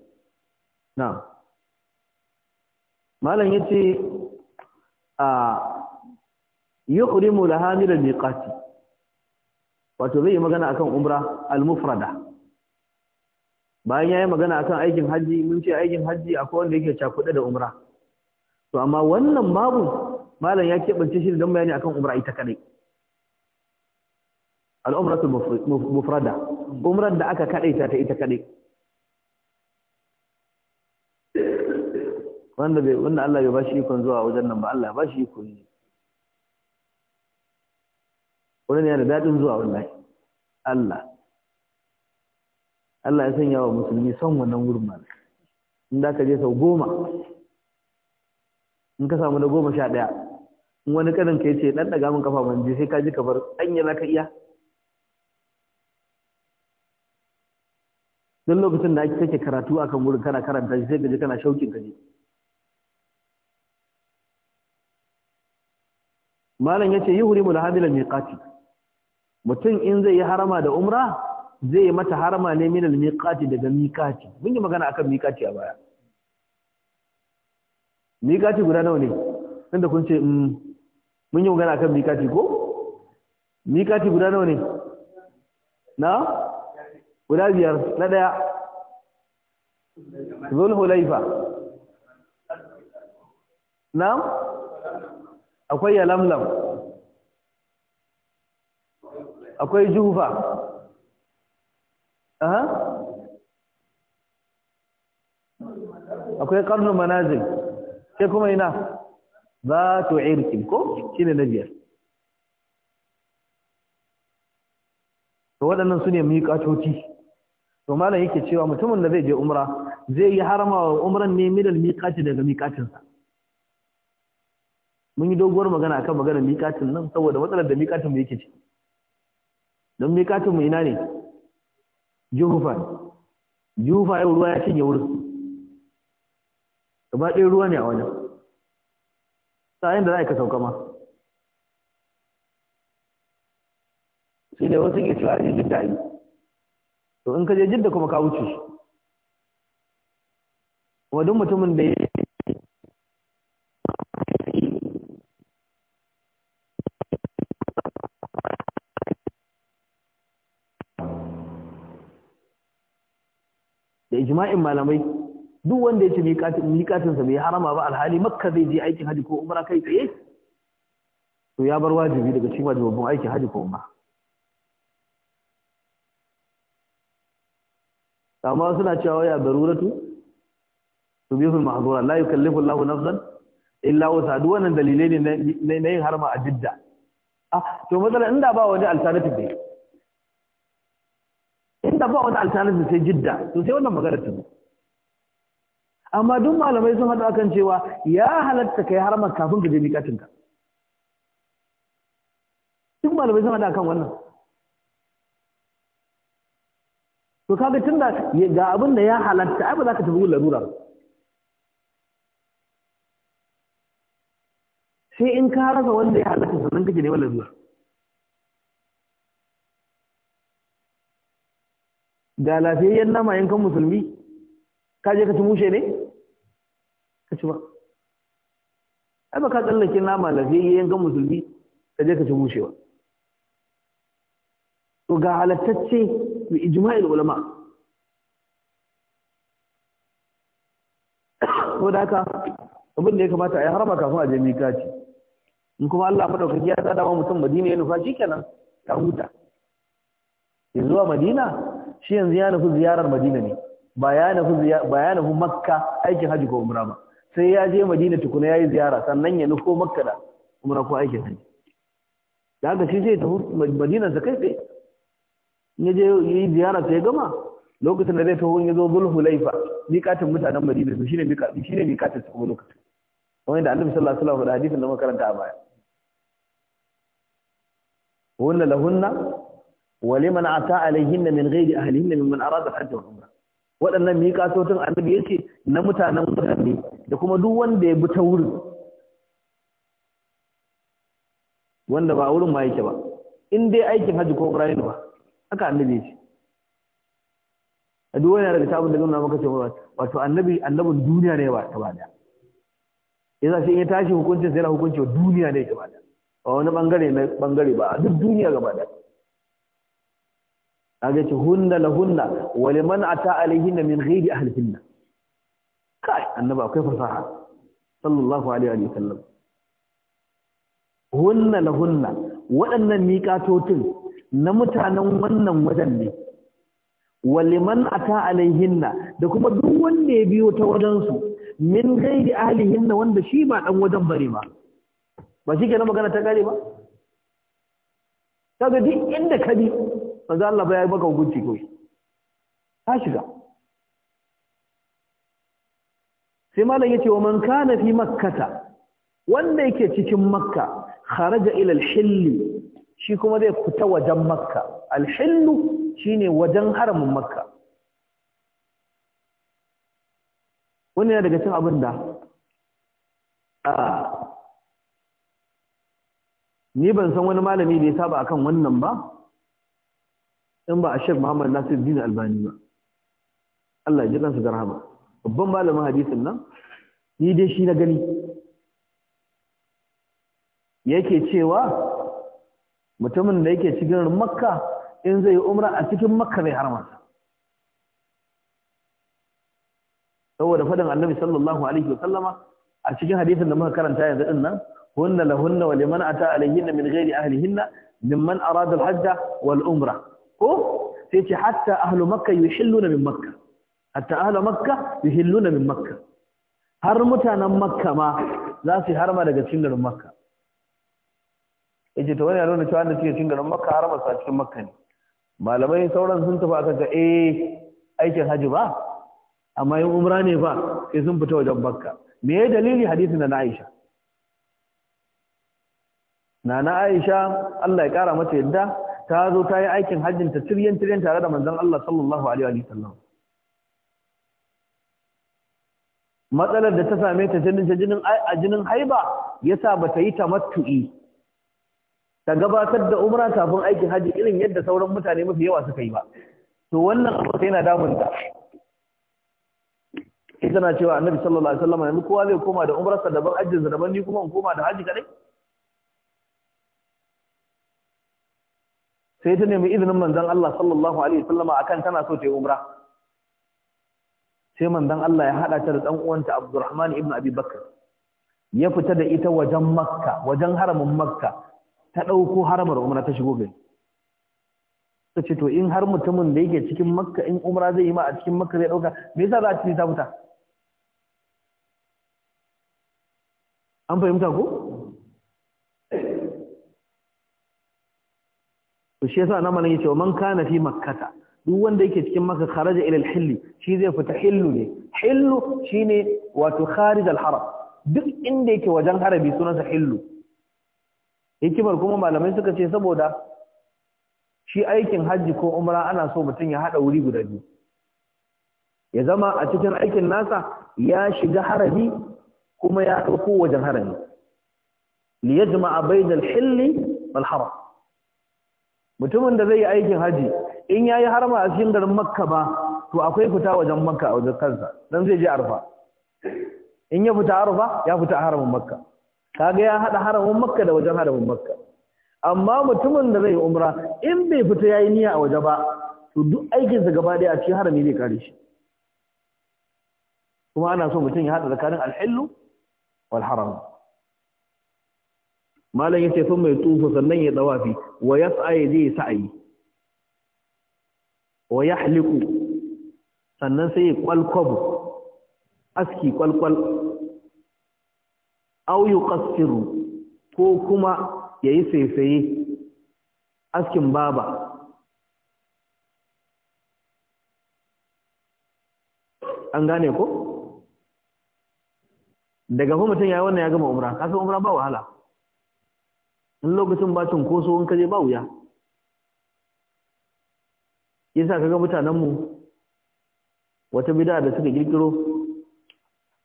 na malam ya ce a yi ƙurimu da hamilar miƙati wato zai yi magana akan umra al-mufrada bayan ya yi magana akan aikin hajji mun ce aikin hajji akwai wanda yake cakuɗe da umra to amma wannan babu malam ya keɓance shi don bayani akan umra ita kaɗai al'umratul mufrada umrar da aka kaɗaita ta ita kaɗai wanda bai wanda Allah bai bashi ikon zuwa wajen nan ba Allah ya bashi ikon yi wannan yana da daɗin zuwa wallahi Allah Allah ya sanya wa musulmi son wannan wurin ma in da ka je sau goma in ka samu na goma sha ɗaya in wani kanin ka yace dan daga min kafa man je sai ka ji kamar anya za ka iya don lokacin da ake kake karatu akan wurin kana karanta shi sai ka je kana shaukin ka je malam yace yuhrimul hadil miqati mutum in zai yi harama da umra zai yi mata harama ne min al miqati daga miqati mun yi magana akan miqati a baya miqati guda nawa ne tunda kun ce mm, mun yi magana akan miqati ko miqati guda nawa ne na guda biyar na daya zulhulaifa na akwai yalamlam akwai jufa aha akwai karnu manazil sai kuma ina za tu irkin ko shine na biyar to waɗannan su ne miƙatoci to malam yake cewa mutumin da zai je umra zai yi harama wa umran ne minal miƙati daga miƙatinsa mun yi doguwar magana akan maganar mikatin nan saboda matsalar da mikatin mu yake ci don mikatin mu ina ne jufa jufa yau ruwa ya cinye wurin gaba ɗaya ruwa ne a wajen sa'ayin da za a yi ka sauka ma sai da wasu ke cewa ne jidda yi to in ka je jidda kuma ka wuce kuma duk mutumin da ya ijma'in malamai duk wanda ya ce miƙatin sa bai harama ba alhali makka zai je aikin haji ko umra kai tsaye to ya bar wajibi daga cikin wajibin aikin haji ko umra amma suna cewa ya daruratu tubihul mahdura la yukallifu Allahu nafsan illa wusa duk wannan dalilai ne na yin harma a jidda ah to matsala inda ba wani alternative dai inda ba wata alternative sai jidda to sai wannan magana ta amma duk malamai sun hada akan cewa ya halatta kai harama kafin ka je miƙatin ka duk malamai sun hada akan wannan to kaga tunda ga abin da ya halatta ai ba za ka tafi larura sai in ka rasa wanda ya halatta sannan kake neman larura ga lafiyayyen nama yankan musulmi ka je ka ci mushe ne ka ci ba ai ba ka tsallake nama lafiyayyen yankan musulmi ka je ka ci mushe ba to ga halattacce mai ijima'il ulama ko da haka abin da ya kamata a yi harama kafin a je mikati in kuma Allah madaukaki ya tsada wa mutum Madina ya nufa shikenan ta huta yanzu a Madina shi yanzu ya nufi ziyarar madina ne ba ya nufi makka aikin hajji ko umra ba sai ya je madina tukuna ya yi ziyara sannan ya nufi makka da umra ko aikin hajji da haka shi zai tafi madina sa kai tsaye ya je yi ziyara sai ya gama lokacin da zai taho ya zo zulhu laifa miƙatin mutanen madina su shine miƙatin shine miƙatin su kuma lokacin wanda annabi sallallahu alaihi wasallam da hadisin da muka karanta a baya wannan lahunna waliman ata alaihin min ghairi ahlihin mimman arada hajj wa umra waɗannan miƙatotin annabi yace na mutanen mutane da kuma duk wanda ya bi ta wurin wanda ba wurin ma yake ba in dai aikin hajji ko umra ne ba haka annabi a duk wani daga tabin da nuna maka ce wato annabi annabin duniya ne ba ta ba bada yasa shi ya tashi hukuncin sai na hukunci duniya ne ba da A wani bangare na bangare ba duk duniya gaba da kaga ce hunna lahunna wa liman ata alaihinna min a ahlihinna kai annaba akwai fasaha sallallahu alaihi wa sallam hunna hunna waɗannan miƙatotin na mutanen wannan wajen ne wa liman ata alaihinna da kuma duk wanda ya biyo ta wajen su min ghairi ahlihinna wanda shi ba dan wajen bare ba ba shi kenan magana ta kare ba kaga duk inda ka bi manzo Allah ba ya maka hukunci kawai ka shiga sai malam yace wa man kana fi makkata wanda yake cikin makka kharaja ila al-hill shi kuma zai fita wajen makka al-hill shine wajen haramin makka wannan daga cikin abin da ni ban san wani malami da ya saba akan wannan ba in ba a shek muhammad nasir din albani ba Allah ya ji kansu da babban malamin hadisin nan ni dai shi na gani yake cewa mutumin da yake cikin makka in zai yi umra a cikin makka zai harmata saboda faɗin annabi sallallahu alaihi wa sallama a cikin hadisin da muka karanta yanzu din nan hunna lahunna wa liman ata alaihinna min ghairi ahlihinna mimman arada al-hajja wal umra ko sai ce hatta ahlu makka yuhilluna min makka hatta ahlu makka yuhilluna min makka har mutanen makka ma za su harma daga cikin garin makka yace to wani ya nuna cewa da cikin garin makka harma sa cikin makka ne malamai sauran sun tafi aka ga eh aikin haji ba amma yin umra ne ba sai sun fita wajen makka me ya dalili hadisi na Aisha Nana Aisha Allah ya kara mata yadda ta zo ta yi aikin hajjin ta tiryan tiryan tare da manzon Allah sallallahu alaihi wa sallam matsalar da ta same ta jinin jinin a jinin haiba yasa ta yi tamattu'i ta gabatar da umra kafin aikin hajji irin yadda sauran mutane mafi yawa suka yi ba to wannan abu sai na damun ta ita na cewa annabi sallallahu alaihi wasallam yanzu kowa zai koma da umrarsa daban hajjinsa daban ni kuma in koma da haji kadai sai ta nemi izinin manzan Allah sallallahu alaihi wasallama kan tana so ta yi umra sai manzan Allah ya haɗa ta da dan uwanta Abdurrahman ibn Abi ya fita da ita wajen Makka wajen haramin Makka ta ɗauko haramar umra ta shigo gari ta ce to in har mutumin da yake cikin Makka in umra zai yi ma a cikin Makka zai ɗauka me yasa za a ci ta fita an fahimta ko to shi yasa nan malan yace man kana fi makkata duk wanda yake cikin makka kharaja ila al-hill shi zai fita hillu ne hillu shine wato kharij al-haram duk inda yake wajen harabi sunansa hillu hikimar kuma malamai suka ce saboda shi aikin hajji ko umra ana so mutum ya hada wuri guda biyu ya zama a cikin aikin nasa ya shiga harabi kuma ya ɗauko wajen harami liyajma'a a al hilli wal haram mutumin da zai yi aikin haji in ya yayi ma a cikin garin makka ba to akwai fita wajen makka a wajen kansa dan zai je arfa in ya fita arfa ya fita a haramin makka kaga ya haɗa haramin makka da wajen haramin makka amma mutumin da zai yi umra in bai fita ya yi niyya a waje ba to duk aikin gaba ɗaya a cikin harami zai kare shi kuma ana so mutum ya haɗa tsakanin alhillu wal haram malam yace sun mai tufu sannan ya dawafi wa yas'ai zai sa'i wa yahliku sannan sai ya kwalkwabu aski kwalkwal au yuqassiru ko kuma yayi saisaye askin baba an gane ko daga kuma mutum ya yi wannan ya gama umra kasan umra ba wahala in lokacin ba cunkoso in kaje ba wuya yasa kaga mutanenmu wata bida da suka girgiro?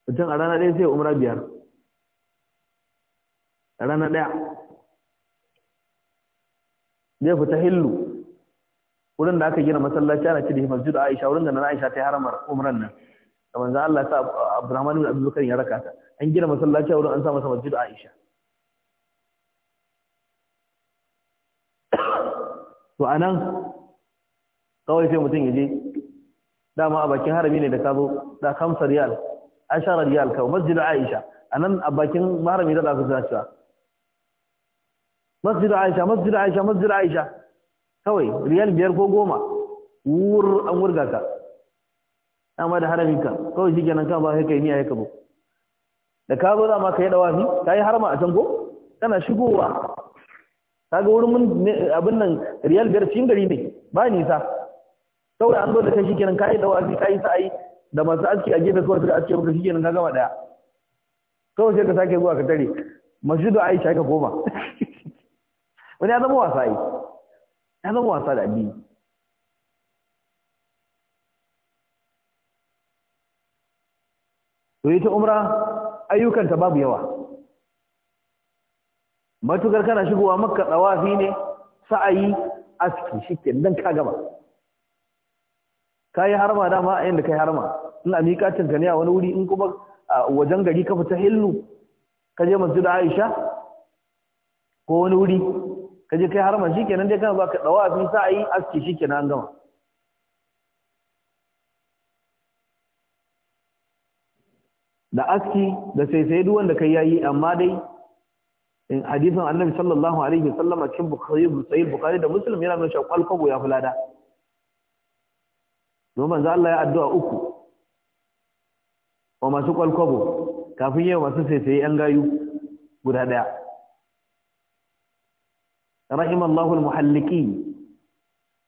mutum a rana ɗaya sai umra biyar a rana ɗaya zai fita hillu wurin da aka gina masallaci ana cire masjid Aisha wurin da na Aisha ta yi haramar umran nan kamar za Allah sa Abdurrahman bin Abdul ya raka ta an gina masallaci wurin an sa masa masjid Aisha to anan kawai sai mutum yaje dama a bakin harami ne da kazo da kamsa riyal ashara riyal kawai masjid aisha anan a bakin harami da zaka sa cewa masjid aisha masjid aisha masjid aisha kawai riyal biyar ko goma wur an wurga ka amma da haraminka kawai shi kenan kan ba kai kai niyya kai ba da ka zo da ma kai dawafi kai harma a can go kana shigowa kaga wurin mun abin nan riyal biyar cikin gari ne ba nisa saboda an zo da kai kenan kai da wasi kai sai da masu aski a gefe kawai suka aske maka kenan ka gama daya kawai sai ka sake zuwa ka tare masjidu Aisha ka koma wani ya zama wasa yi ya zama wasa da addini to ita umra ayyukanta babu yawa matukar kana shigowa makka dawafi ne sa'ayi aski shike dan ka gama kai harma dama a inda kai harma in a miƙatin ka ne a wani wuri in kuma wajen gari ka fita hillu ka je masjid Aisha ko wani wuri ka je kai harma shikenan dai kana ka dawafi sa'ayi aski shikenan an gama da aski da sai sai duk wanda kai yayi amma dai in hadisin annabi sallallahu alaihi wasallam a cikin bukhari sahih bukhari da muslim yana nuna cewa kwalkwago ya fulada don manzo Allah ya addu'a uku wa masu kwalkwabo kafin yau masu saisaye yan gayu guda daya rahimallahu almuhalliqin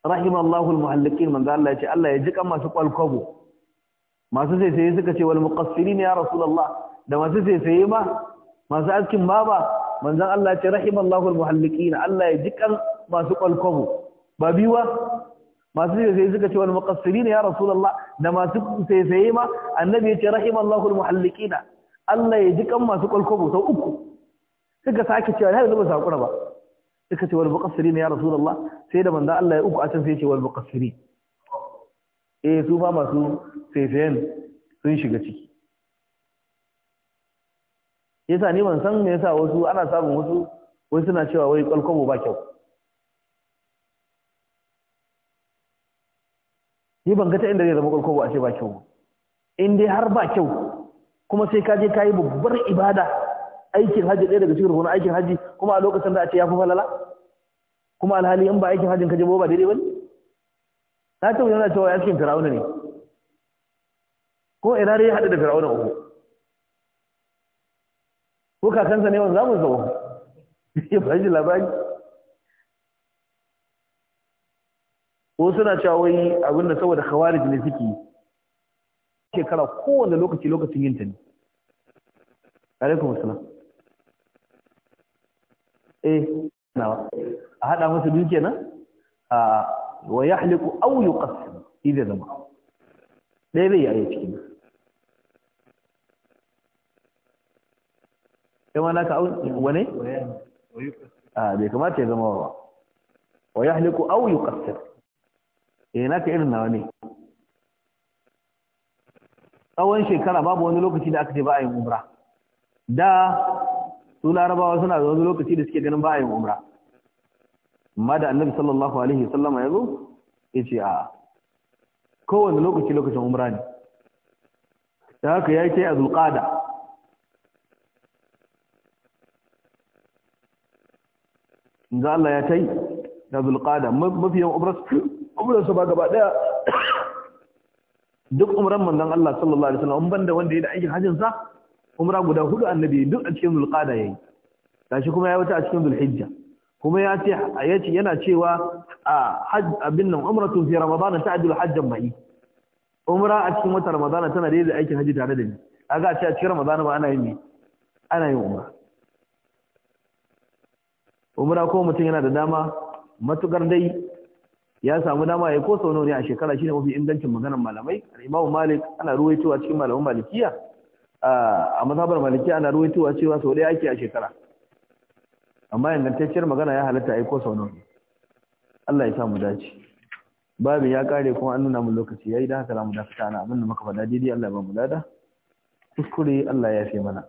rahimallahu almuhalliqin manzo Allah ya ce Allah ya jika masu kwalkwabo masu saisaye suka ce wal muqassirin ya rasulullah da masu saisaye ma masu askin baba manzon Allah ya ce rahimallahu almuhalliqin Allah ya ji kan masu kwalkwabo ba biwa masu sai suka ce wani wal ne ya rasulallah? da masu sai ma annabi ya ce rahimallahu almuhalliqin Allah ya ji kan masu kwalkwabo sau uku suka sake cewa har zuba sakura ba suka ce wani wal ne ya rasulallah? sai da manzon Allah ya uku a can sai ya ce wal muqassirin eh su ba masu sai sun shiga ciki yasa ni ban san me yasa wasu ana samun wasu wai suna cewa wai kwalkwabo ba kyau ni ban ga ta inda zai zama kwalkwabo a ce ba kyau in dai har ba kyau kuma sai ka je ka yi babbar ibada aikin haji ɗaya daga cikin rukunin aikin haji kuma a lokacin da a ce ya fi falala kuma alhali in ba aikin hajin ka je ba daidai ba ne na ce yana cewa ya cikin fir'auna ne ko ina dai ya haɗu da fir'auna uku ko kakansa ne wanda zamu zo ya ba shi labari ko suna cewa wai abin da saboda khawarij ne suke shekara kowane lokaci lokacin yin ta ne alaikum assalam eh nawa a hada masa dukiya nan a wa yahliku aw yuqassim idan zama dai bai yi a cikin kai ma naka wane a bai kamata ya zama wa wa yahliku aw yuqassir eh naka irin nawa ne tsawon shekara babu wani lokaci da aka ce ba a yin umra da su larabawa suna da wani lokaci da suke ganin ba a yin umra ma da annabi sallallahu alaihi wasallam ya zo ya ce a kowane lokaci lokacin umra ne da haka ya yi ta yi a zulƙada inza Allah ya tai da zulqada mafiyan umras umran su ba gaba daya duk umran manzon Allah sallallahu alaihi wasallam banda wanda yayi da aikin hajjin sa umra guda hudu annabi duk a cikin zulqada yayi gashi kuma ya wuta a cikin zulhijja kuma ya ce yace yana cewa a hajj abin nan umratu fi ramadan ta'dilu hajjan ma'i umra a cikin wata ramadan tana da aikin hajji tare da ni kaga a ce a cikin ramadan ba ana yin ana yin umra umra ko mutum yana da dama matukar dai ya samu dama ya ko sau ne a shekara shine mafi ingancin maganar malamai al-Imam Malik ana ruwaitowa cikin malaman Malikiya a mazhabar Malikiya ana ruwaitowa cewa sau ɗaya ake a shekara amma ingantacciyar magana ya halatta a yi ko sau ne Allah ya samu dace babin ya kare kuma an nuna mu lokaci yayi da haka za mu dakata ana abin da muka faɗa daidai Allah ya ba mu lada kuskure Allah ya fi mana